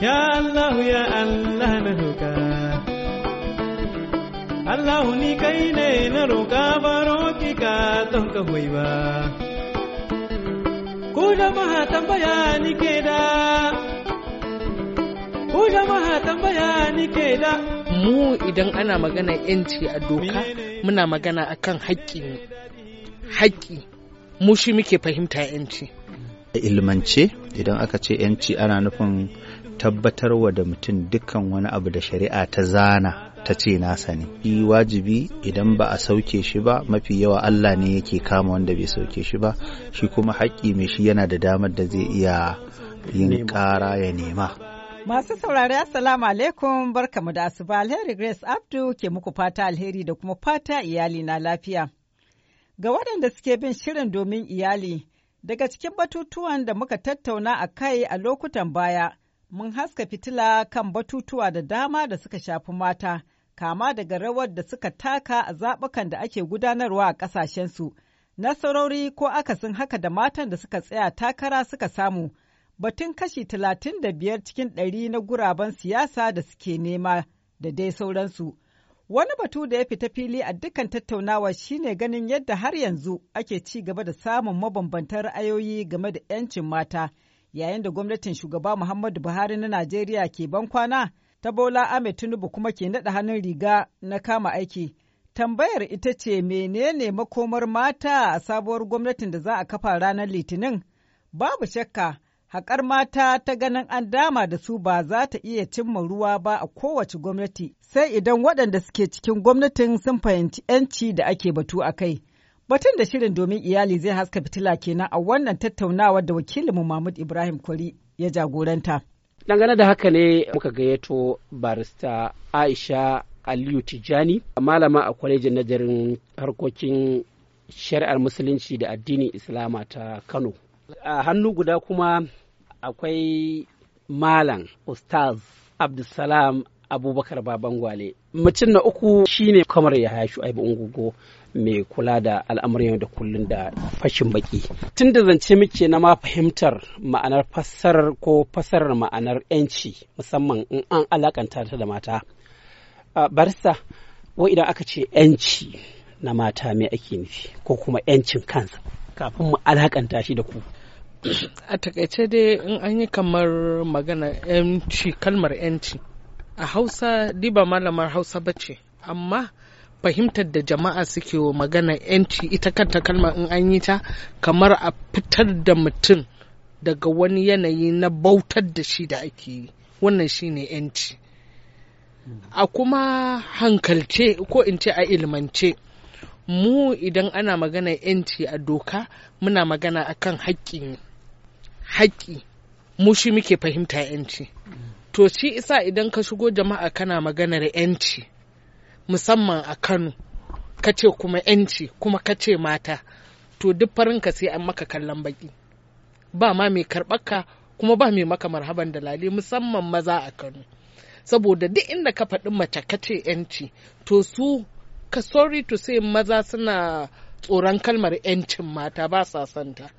Ya Allah ya Allah na roƙa Allah ni kai ne na roƙa baro ki ka don ka hoyi ba Ku jama'a tambaya ni ke da Ku jama'a tambaya ni ke da Mu idan ana magana yanci a doka muna magana akan haƙƙi ne haƙƙi mu shi muke fahimta yanci ilmance idan aka ce yanci ana nufin tabbatar wa da mutum dukkan wani abu da shari'a ta zana ta ce nasa ne Yi wajibi idan ba a sauke shi ba mafi yawa Allah ne yake kama wanda bai sauke shi ba shi kuma haƙƙi mai shi yana da damar da zai iya yin ƙara ya nema masu saurari assalamu alaikum barkamu da asuba alheri grace abdu ke muku fata alheri da kuma fata iyali na lafiya ga waɗanda suke bin shirin domin iyali daga cikin batutuwan da muka tattauna a kai a lokutan baya mun haska fitila kan batutuwa da dama da suka shafi mata, kama daga rawar da suka taka a zaɓukan da ake gudanarwa a ƙasashensu, nasarori ko akasin haka da matan da suka tsaya takara suka samu, batun kashi talatin da biyar cikin ɗari na guraben siyasa da suke nema da dai sauransu. Wani batu da ya fita fili a dukkan tattaunawa shine ganin yadda har yanzu ake ci gaba da samun mabambantan ra'ayoyi game da 'yancin mata. yayin da gwamnatin shugaba Muhammadu Buhari na Najeriya ke ban kwana ta Bola Ahmed Tinubu kuma ke naɗa hannun riga na kama aiki. Tambayar ita ce menene makomar mata a sabuwar gwamnatin da za a kafa ranar Litinin? Babu shakka, haƙar mata ta ganin an dama da su ba za ta iya cimma ruwa ba a kowace gwamnati, sai idan waɗanda suke cikin gwamnatin sun fahimci 'yanci da ake batu a kai. Batun da shirin domin iyali zai haska fitila kenan a wannan tattaunawar da wakilinmu Mahmud Ibrahim Kwari ya jagoranta. Dangane da haka ne muka gayyato barista Aisha Aliyu Tijani, malama a kwalejin nazarin harkokin shari'ar musulunci da addinin Islama ta Kano. A hannu guda kuma akwai malam Ustaz Abdulsalam abubakar babangwale mutum na uku shine kamar ya haya shu'aibu ungugo mai kula da al'amuran yau da kullun da fashin baki tun da zance muke na ma fahimtar ma'anar fassarar ko fassarar ma'anar yanci musamman in an alakanta ta da mata barista wa idan aka ce yanci na mata mai ake nufi ko kuma yancin kansa kafin mu alakanta shi da ku a takaice dai in an yi kamar magana yanci kalmar yanci a hausa diba malamar hausa ba ce amma fahimtar da jama'a suke wa magana yanci ita kanta kalma in an yi ta kamar a fitar da mutum daga wani yanayi na bautar da shi da ake yi wannan shi ne yanci a kuma hankalce ko in ce a ilmance mu idan ana magana yanci a doka muna magana akan haƙƙi haƙƙi mu shi muke fahimta yanci to shi isa idan ka shigo jama'a kana maganar yanci musamman a kano ka ce kuma yanci kuma ka ce mata to duk farinka sai an maka kallon baki ba ma mai karɓarka kuma ba mai maka marhaban dalali musamman maza a kano saboda duk inda ka faɗi mace ka ce yanci to su ka sorry to say maza suna tsoron kalmar yancin mata ba sa santa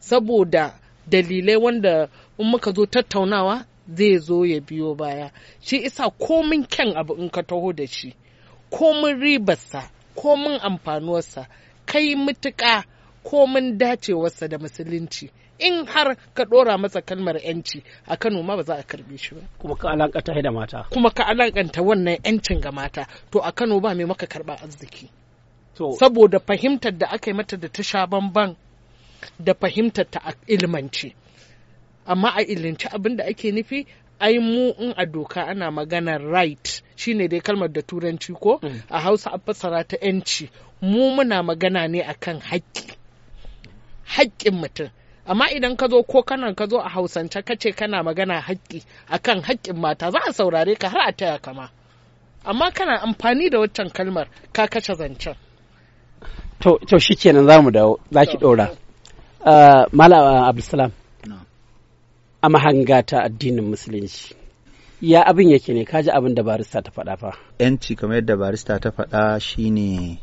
saboda dalilai wanda in muka zo tattaunawa zai zo ya biyo baya shi isa komin kyan abu in ka taho da shi komin ribarsa komin amfanuwarsa kai mutuƙa komin dacewarsa da musulunci in har ka ɗora masa kalmar yanci a Kano ma ba za a karbe shi ba. Kuma ka alakanta da mata. Kuma ka alakanta wannan yancin ga mata to a Kano ba mai maka karba arziki. Saboda fahimtar da aka yi mata da ta sha bamban da fahimtar ta ilmanci. amma a ilinci abin da ake nufi ai mu in a doka ana magana right shine dai kalmar da turanci ko mm. a hausa a fassara ta yanci mu muna magana ne akan haƙƙi haƙƙin mutum amma idan ka zo ko kana ka zo a hausance ka ce kana magana haƙƙi akan haƙƙin mata za a saurare ka har a taya kama amma kana amfani da waccan kalmar ka kashe zancen to to shikenan za mu dawo za ki ɗora uh, mala abdulsalam a mahanga ta addinin musulunci ya abin yake ne kaji abin da barista ta faɗa fa yanci kamar yadda barista ta faɗa shine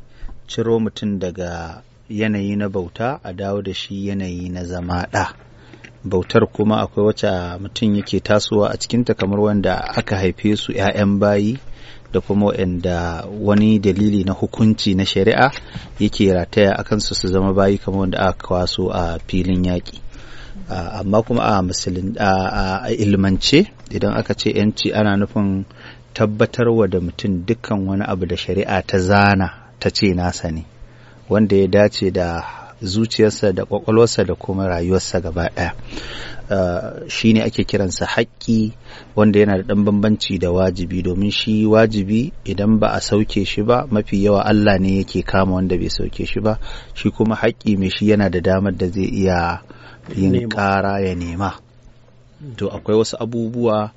ciro mutum daga yanayi na bauta a dawo da shi yanayi na zama ɗa bautar kuma akwai wacce mutum yake tasowa a cikinta kamar wanda aka haife su 'ya'yan bayi da kuma wanda wani dalili na hukunci na shari'a yake rataya akan su su zama bayi kamar wanda aka kwaso a filin yaƙi Ah, amma kuma a musulun a ilmance idan aka ce yanci ana nufin tabbatar wa da mutum dukkan wani abu da shari'a ta zana ta ce nasa ne wanda ya dace da zuciyarsa da kwakwalwarsa da kuma rayuwarsa gaba ɗaya uh, shi ne ake kiransa haƙƙi wanda yana da ɗan bambanci da wajibi domin shi wajibi idan ba a sauke shi ba mafi yawa Allah ne yake kama wanda bai sauke shi ba shi kuma haƙƙi mai shi yana da damar da zai iya yin ƙara ya nema to akwai wasu abubuwa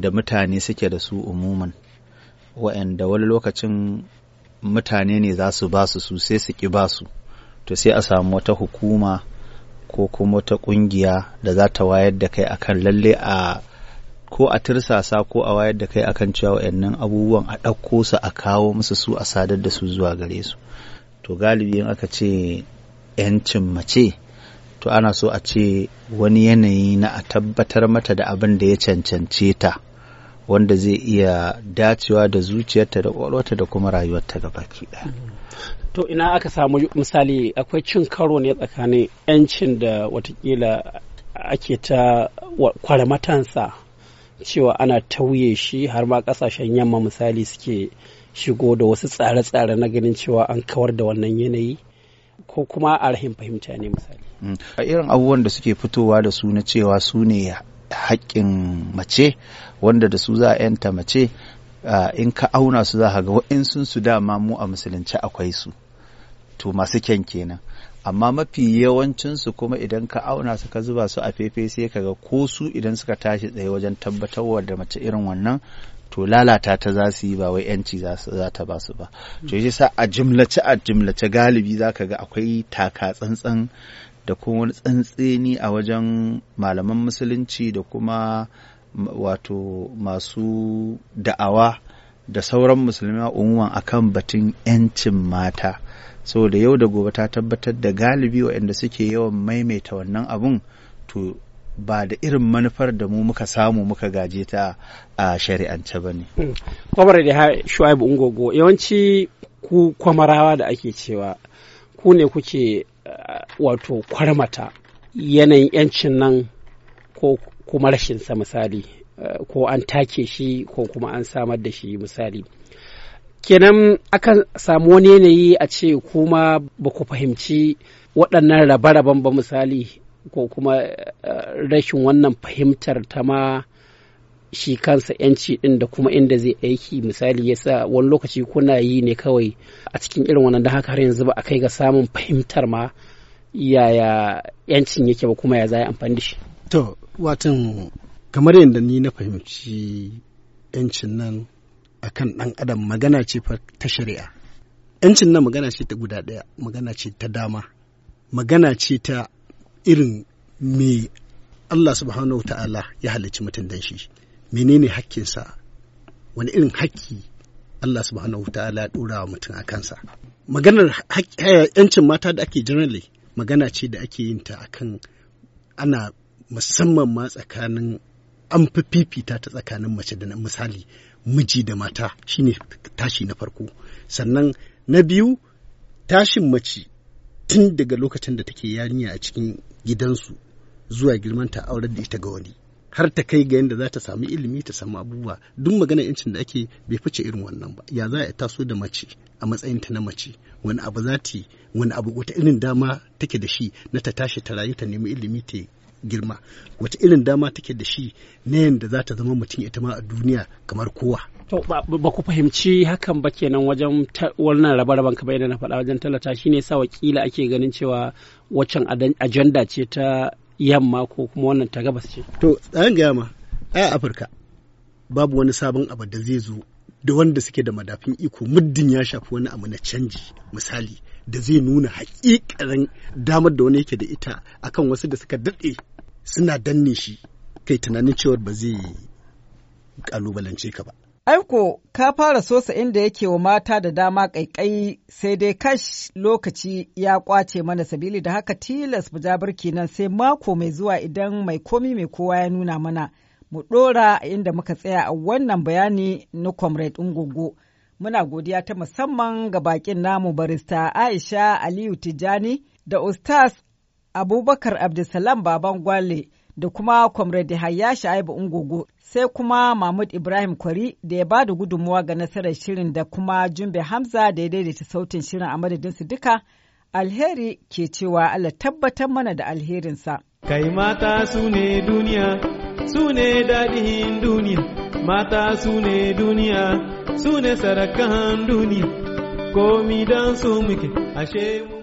da mutane suke da su umuman wa'anda wani lokacin mutane ne za su ba su su sai su ƙi ba su to sai a samu wata hukuma ko kuma wata kungiya da za ta wayar da kai akan lalle a ko a tirsasa ko a wayar da kai akan cewa wayannan abubuwan a ɗauko su a kawo musu su a sadar da su zuwa gare su to galibi in aka ce 'yancin mace to ana so a ce wani yanayi na a tabbatar mata da abin da ya cancance ta wanda zai iya dacewa da zuciyarta da ƙwaƙwalwarta da kuma rayuwarta gabaki to ina aka samu misali akwai cin karo ne tsakanin 'yancin da watakila ake ta kware matansa cewa ana tauye shi har ma kasashen yamma misali suke shigo da wasu tsare-tsare na ganin cewa an kawar da wannan yanayi ko kuma a rahin fahimta ne misali mm. a irin abubuwan da suke fitowa da su na cewa su ne haƙƙin mace wanda da su za a yanta mace in ka auna su za a ga sun su dama mu a musulunci akwai su to masu kyan kenan amma mafi yawancinsu kuma idan ka auna su ka zuba su a fefe sai ka ga ko su idan suka tashi tsaye wajen tabbatarwa da mace irin wannan to lalata ta za su yi ba wai yanci za ta ba su ba to sa a jimlace a jimlace galibi za ka ga akwai taka tsantsan da kuma wani tsantseni a wajen malaman musulunci da kuma wato masu da'awa da sauran musulmi umuman akan batun 'yancin mata saboda yau da gobe ta tabbatar da galibi waɗanda suke yawan maimaita wannan abun to ba da irin manufar da mu muka samu muka gaje ta a shari'ance ba ne. Kwamar hmm. da Shu'aibu Ungogo yawanci ku kwamarawa da ake cewa ku ne kuke Eh, wato kwarmata yanayin 'yancin nan ko kuma rashinsa misali eh, ko an take shi ko kuma an samar da shi misali kenan akan samu wani yanayi a ce kuma ba ku fahimci waɗannan rabe-raben ba misali ko kuma eh, rashin wannan fahimtar ta ma shi kansa yanci din da kuma inda zai aiki misali yasa wani lokaci kuna yi ne kawai a cikin irin wannan da haka har yanzu ba a kai ga samun fahimtar ma yaya yancin yake ba kuma ya za a amfani da shi to watan kamar yadda ni na fahimci yancin nan a kan ɗan adam magana ce ta shari'a yancin nan magana ce ta guda ɗaya magana ce ta dama magana ce ta irin me Allah subhanahu ta'ala ya halicci mutum dan shi menene hakkinsa wani irin hakki Allah subhanahu wuta ta'ala ya dora wa mutum a kansa maganar eh, yancin mata da ake generally magana ce da ake yin ta akan ana musamman ma tsakanin an fi fifita ta tsakanin mace da misali miji da mata shine tashi na farko sannan na biyu tashin mace tun daga lokacin da take yarinya a cikin gidansu zuwa girmanta aurar da ita ga wani har ta kai ga yadda za ta sami ilimi ta samu abubuwa duk magana yancin da ake bai fice irin wannan ba ya za a taso da mace a matsayin ta na mace wani abu za ta wani abu wata irin dama take da shi na ta tashi ta rayu ta nemi ilimi ta girma wata irin dama take da shi na yadda za ta zama mutum ita ma a duniya kamar kowa To ba ku fahimci hakan ba kenan wajen wannan rabe-raben ka bayyana na faɗa wajen talata shine sa wakila ake ganin cewa waccan ajanda ce ta yamma ko kuma wannan ta gabas ce to tsayin gaya ma a afirka babu wani sabon abu da zai zo da wanda suke da madafin iko muddin ya shafi wani abu na canji misali da zai nuna hakikarin damar da wani yake da ita akan wasu da suka daɗe suna danne shi kai tunanin cewar ba zai kalubalance ka ba Aiko, ka fara sosa inda yake wa mata da dama ƙaiƙai sai dai kash lokaci ya ƙwace mana sabili da haka tilas birki nan sai mako mai zuwa idan mai komi mai kowa ya nuna mana. Mu ɗora inda muka tsaya a wannan bayani na Comrade ungogo Muna godiya ta musamman ga bakin namu barista Aisha Aliyu Tijjani da Ustaz Abubakar Abdulsalam Baban Gwale. da kuma Comrade Hayya Sha'ibu Ungogo sai kuma Mahmud Ibrahim Kwari da ya ba da gudunmuwa ga nasarar shirin da kuma Jumbe Hamza da ya daidaita sautin shirin a madadinsu duka alheri ke cewa Allah tabbatar mana da alherinsa. Kai mata su ne duniya, su ne daɗin duniya, mata su ne duniya, su ne sarakan duniya, komi don su muke, ashe mu.